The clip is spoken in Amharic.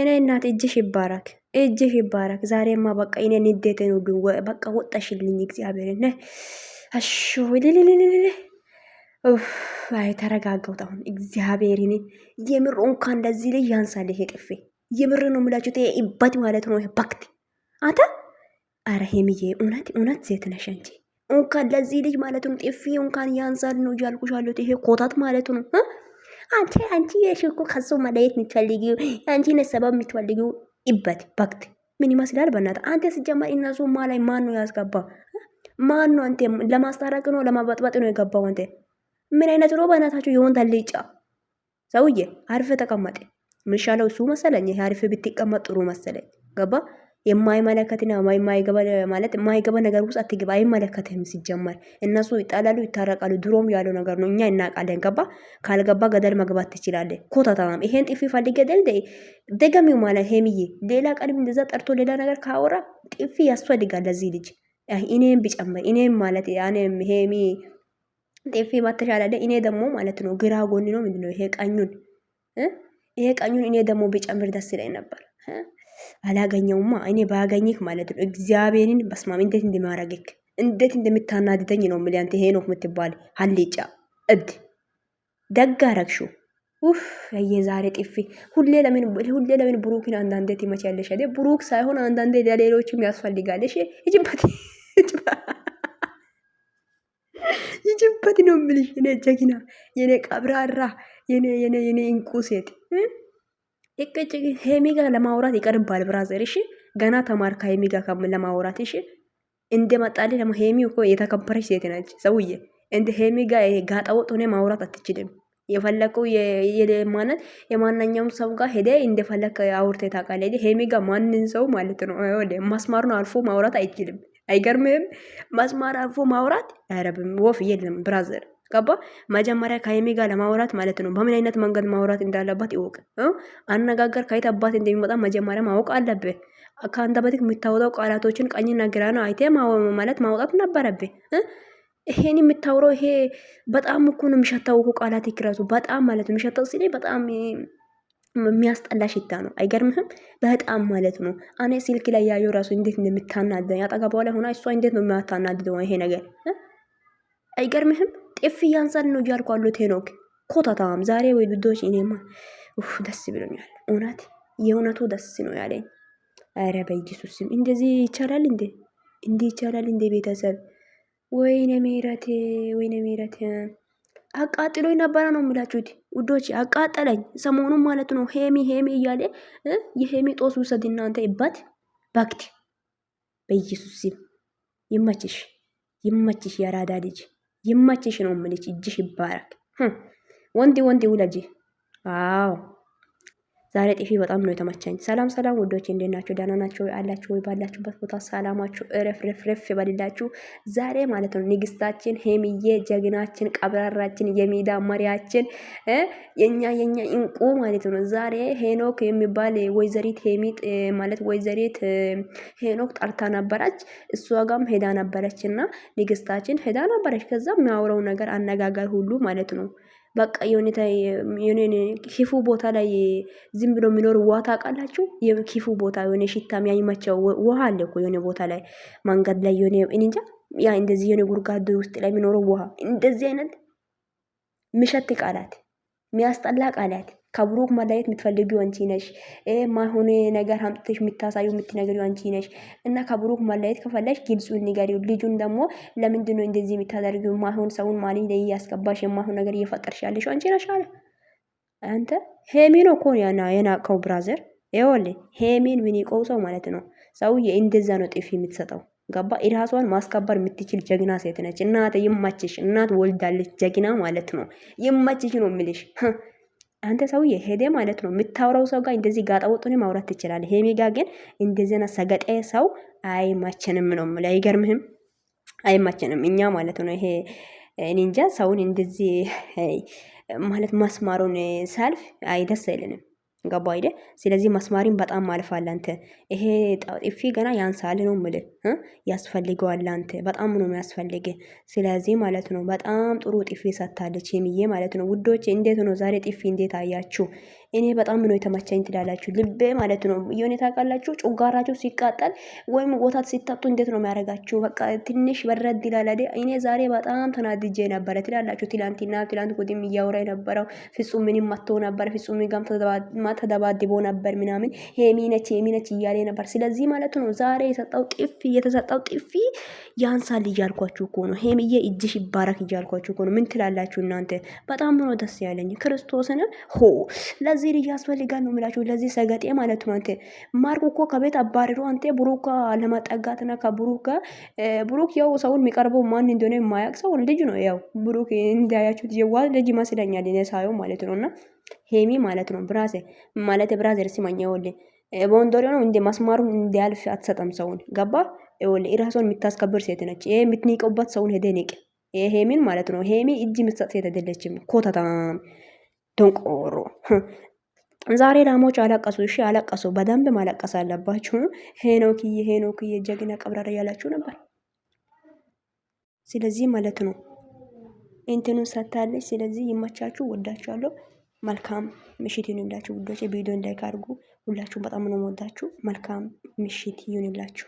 እኔ እናት እጅሽ ይባረክ፣ እጅሽ ይባረክ። ዛሬማ በቃ የኔ ንዴቴን ሁሉ በቃ ወጣሽልኝ። እግዚአብሔር ነ አሹ ልልልልልል አይ ተረጋጋሁት አሁን እግዚአብሔርን የምር እንኳ እንደዚህ ላይ ያንሳል። ይሄ ቅፌ የምር ነው የምላችሁት። ይሄ ይባት ማለት ነው። ይሄ ባክት አንተ አረ ሄምዬ እውነት እውነት ሴት ነሽ እንጂ እንኳን ለዚህ ልጅ ማለት ነው ጥፊ እንኳን ያንሳል ነው እያልኩሻለሁ። ይሄ ኮታት ማለት ነው። አንቺ የሽ እኮ ከሱ መለየት የምትፈልጊው አንቺ ሰበብ የምትፈልጊው ይበት በክት ምን ይመስላል? በእናትህ አንተ ስጀመር እነሱ ማ ላይ ማን ነው ያስገባ? ማን ነው አንተ ለማስታረቅ ነው ለማበጥበጥ ነው የገባው? አንተ ምን አይነት ነው በእናታችሁ? የሆን ተልጫ ሰውዬ አርፈ ተቀመጠ። ምሻለው እሱ መሰለኝ። አርፈ ብትቀመጥ ጥሩ መሰለኝ። ገባ የማይመለከትና የማይገባ ማለት የማይገባ ነገር ውስጥ አትገባ። አይመለከትህም ሲጀመር። እነሱ ይጣላሉ፣ ይታረቃሉ። ድሮም ያለው ነገር ነው። እኛ እናቃለን። ገባ ካልገባ ገደል መግባት ትችላለ። ኮታታማም ይሄን ጥፊ ፈልገ ደል ደገሚው ማለት ሄምዬ ሌላ ቀድም እንደዛ ጠርቶ ሌላ ነገር ካወራ ጥፊ ያስፈልጋል ለዚህ ልጅ እኔም ቢጨምር እኔም ማለት ያኔም ሄሚ ጤፌ ባተሻለ እኔ ደግሞ ማለት ነው ግራ ጎን ነው ምንድነው ይሄ ቀኙን ይሄ ቀኙን እኔ ደግሞ ቢጨምር ደስ ይለኝ ነበር። አላገኘውማ። እኔ ባገኘህ ማለት ነው እግዚአብሔርን በስማም እንዴት እንደማረገክ እንዴት እንደምታናድደኝ ነው ምል። አንተ ሄኖክ የምትባል ሀሌጫ እብድ ደግ አረግሹ። ኡፍ ዛሬ ጥፊ። ሁሌ ለምን ሁሌ ለምን ብሩክን አንዳንዴ ትመቻለሽ አይደል? ብሩክ ሳይሆን አንዳንዴ ለሌሎችም ያስፈልጋለሽ። ይጭበት ይጭበት ነው የምልሽ የኔ ጀግና፣ የኔ ቀብራራ፣ የኔ የኔ የኔ እንቁ ሴት እቅጭ ሄሚ ጋር ለማውራት ይቀርባል ብራዘር። እሺ ገና ተማርካ ሄሚ ጋር ለማውራት እሺ። እንደመጣል ደግሞ ሄሚ እኮ የተከበረች ሴት ነች ሰውዬ። እንደ ሄሚ ጋር ጋጣ ሆነ ማውራት አትችልም። የፈለቀው የማነት የማናኛውም ሰው ጋር ሄደ እንደፈለከ አውርተ ታውቃለህ። ሄሚ ጋር ማንን ሰው ማለት ነው ማስማሩን አልፎ ማውራት አይችልም። አይገርምም? ማስማር አልፎ ማውራት አረብም ወፍ የለም ብራዘር ገባ መጀመሪያ ከሀይሚ ጋር ለማውራት ማለት ነው። በምን አይነት መንገድ ማውራት እንዳለባት ይወቅ። አነጋገር ከየት አባት እንደሚመጣ መጀመሪያ ማወቅ አለብህ። ከአንተ በፊት የምታወጣው ቃላቶችን ቀኝና ግራ ነው አይቴ ማለት ማውጣት ነበረብህ። ይሄን የምታውረው ይሄ በጣም እኮ ነው የሚሸታው እኮ ቃላት ይክራሱ በጣም ማለት ነው የሚሸታው ሲለኝ በጣም የሚያስጠላ ሽታ ነው። አይገርምህም? በጣም ማለት ነው። እኔ ስልክ ላይ ያየው ራሱ እንዴት እንደምታናደኝ አጠገቧ ላይ ሆና እሷ እንዴት ነው የሚያታናድደው ይሄ ነገር አይገርምህም? ጤፍ እያንሳን ነው እያልኩ አሉት ሄኖክ ኮታታም ዛሬ ወይ ዱዶች፣ እኔማ ኡፍ ደስ ብሎኛል። እውነት የእውነቱ ደስ ነው ያለኝ። አረ በኢየሱስም እንደዚህ ይቻላል እንዴ? እንዲህ ይቻላል እንዴ? ቤተሰብ ወይኔ ምህረት፣ ወይኔ ምህረት አቃጥሎ ነበረ ነው የምላችሁት ውዶች፣ አቃጠለኝ ሰሞኑን ማለት ነው። ሄሚ ሄሚ እያለ የሄሚ ጦስ ውሰድ እናንተ ይባት ባክት። በኢየሱስ ስም ይመችሽ፣ ይመችሽ ያራዳ ልጅ ይመችሽ ነው የምልሽ። እጅሽ ይባረክ። ወንድ ወንድ ውለጅ። አዎ ዛሬ ጥፊ በጣም ነው የተመቸኝ። ሰላም ሰላም ውዶች እንዴት ናቸው? ደህና ናቸው አላችሁ ወይ? ባላችሁበት ቦታ ሰላማችሁ ረፍረፍረፍ ረፍ ይበልላችሁ። ዛሬ ማለት ነው ንግስታችን ሄሚዬ ጀግናችን፣ ቀብራራችን፣ የሚዳ መሪያችን የኛ የኛ እንቁ ማለት ነው ዛሬ ሄኖክ የሚባል ወይዘሪት ሄሚጥ ማለት ወይዘሪት ሄኖክ ጠርታ ነበረች። እሷ ጋም ሄዳ ነበረች እና ንግስታችን ሄዳ ነበረች። ከዛ የሚያውረው ነገር አነጋገር ሁሉ ማለት ነው በቃ የሁኔታ የሆነ ክፉ ቦታ ላይ ዝም ብሎ የሚኖር ውሃ ታውቃላችሁ? ክፉ ቦታ የሆነ ሽታ የሚያይማቸው ውሃ አለ እኮ የሆነ ቦታ ላይ መንገድ ላይ የሆነ እንጃ ያ እንደዚህ የሆነ ጉድጓድ ውስጥ ላይ የሚኖረው ውሃ እንደዚህ አይነት ምሸት ቃላት የሚያስጠላ ቃላት ከብሩክ መለየት የምትፈልጊው አንቺ ነሽ። ማሆነ ነገር አምጥተሽ የምታሳዩ የምትነግሪው አንቺ ነሽ እና ከብሩክ መለየት ከፈለሽ ግልጹን ንገሪው። ልጁን ደግሞ ለምንድን ነው እንደዚህ የምታደርጊው? ማይሆን ሰውን ማሊ ላይ እያስገባሽ የማይሆን ነገር እየፈጠርሽ ያለሽ አንቺ ነሽ አለ። አንተ ሄሚን እኮ የናቀው ብራዘር ይወል ሄሚን ምን ይቆው ሰው ማለት ነው። ሰውዬ እንደዛ ነው ጥፊ የምትሰጠው ገባ። ራሷን ማስከበር የምትችል ጀግና ሴት ነች። እናት ይማችሽ። እናት ወልዳለች። ጀግና ማለት ነው። ይማችሽ ነው የሚልሽ አንተ ሰውዬ ሄደ ማለት ነው። የምታውረው ሰው ጋር እንደዚህ ጋጣ ወጡን ማውራት ትችላለህ። ሄሜ ጋ ግን እንደዚህ ሰገጤ ሰው አይማችንም ነው የምልህ። አይገርምህም? አይማችንም እኛ ማለት ነው። ይሄ እንጃ ሰውን እንደዚህ ማለት ማስማሩን ሳልፍ አይደስ አይልንም። ገባ አይደ? ስለዚህ መስማሪን በጣም ማለፋል አንተ። ይሄ ጥፊ ገና ያንሳል ነው ምል ያስፈልገዋል አንተ በጣም ነው የሚያስፈልግ። ስለዚህ ማለት ነው በጣም ጥሩ ጥፊ ሰታለች የሚዬ ማለት ነው። ውዶች እንዴት ነው ዛሬ ጥፊ እንዴት አያችሁ? እኔ በጣም ነው የተመቸኝ ትላላችሁ። ልቤ ማለት ነው የሆነ ታውቃላችሁ፣ ጮጋራችሁ ሲቃጠል ወይም ወታት ሲታጡ እንዴት ነው የሚያደርጋችሁ? በቃ ትንሽ በረድ ይላል እኔ ዛሬ በጣም ተናድጄ ነበረ ትላላችሁ። ትላንትና ትላንት ወዲም እያወራ የነበረው ፍጹም ምንም አትሆን ነበር ፍጹም ጋም ተደባድቦ ነበር ምናምን ሄሚነች ሄሚነች እያለ ነበር። ስለዚህ ማለት ነው ዛሬ የሰጠው ጥፊ የተሰጠው ጥፊ ያንሳል እያልኳችሁ እኮ ነው። ሄምዬ እጅሽ ይባረክ እያልኳችሁ እኮ ነው። ምን ትላላችሁ እናንተ? በጣም ነው ደስ ያለኝ። ክርስቶስን ሆ ለዚህ ልጅ ያስፈልጋል ነው ምላችሁ። ለዚህ ሰገጤ ማለት ነው። አንተ ማርኩ እኮ ከቤት አባርሮ አንተ ብሩክ ለማጠጋትና ከብሩክ ብሩክ ያው ሰውን የሚቀርበው ማን እንደሆነ የማያቅ ሰው ልጅ ነው። ያው ብሩክ እንዳያችሁት የዋህ ልጅ ይመስለኛል እኔ ሳየው ማለት ነው እና ሄሚ ማለት ነው። ብራዘር ማለት ብራዘር ሲማኛ ወለ ቦንዶሪ ነው እንደ ማስማሩን እንዲያልፍ አትሰጠም። ሰውን ገባ ወለ እራሷን የምታስከብር ሴት ነች። ይሄ የምትንቀውባት ሰውን ሄደ ንቅ። ይሄ ሄሚን ማለት ነው። ሄሚ እጅ የምትሰጥ ሴት አይደለችም። ኮተታም ደንቆሮ ዛሬ ላሞች አለቀሱ። እሺ አለቀሱ፣ በደንብ ማለቀስ አለባችሁ። ሄኖክዬ ሄኖክዬ ጀግና ቀብራራ ያላችሁ ነበር። ስለዚህ ማለት ነው እንትኑን ሰታለች። ስለዚህ ይመቻችሁ፣ ወዳችኋለሁ። መልካም ምሽት ይሁንላችሁ ውዶቼ። ቪዲዮ እንዳይክ አድርጉ። ሁላችሁም በጣም ነው የምወዳችሁ። መልካም ምሽት ይሁንላችሁ።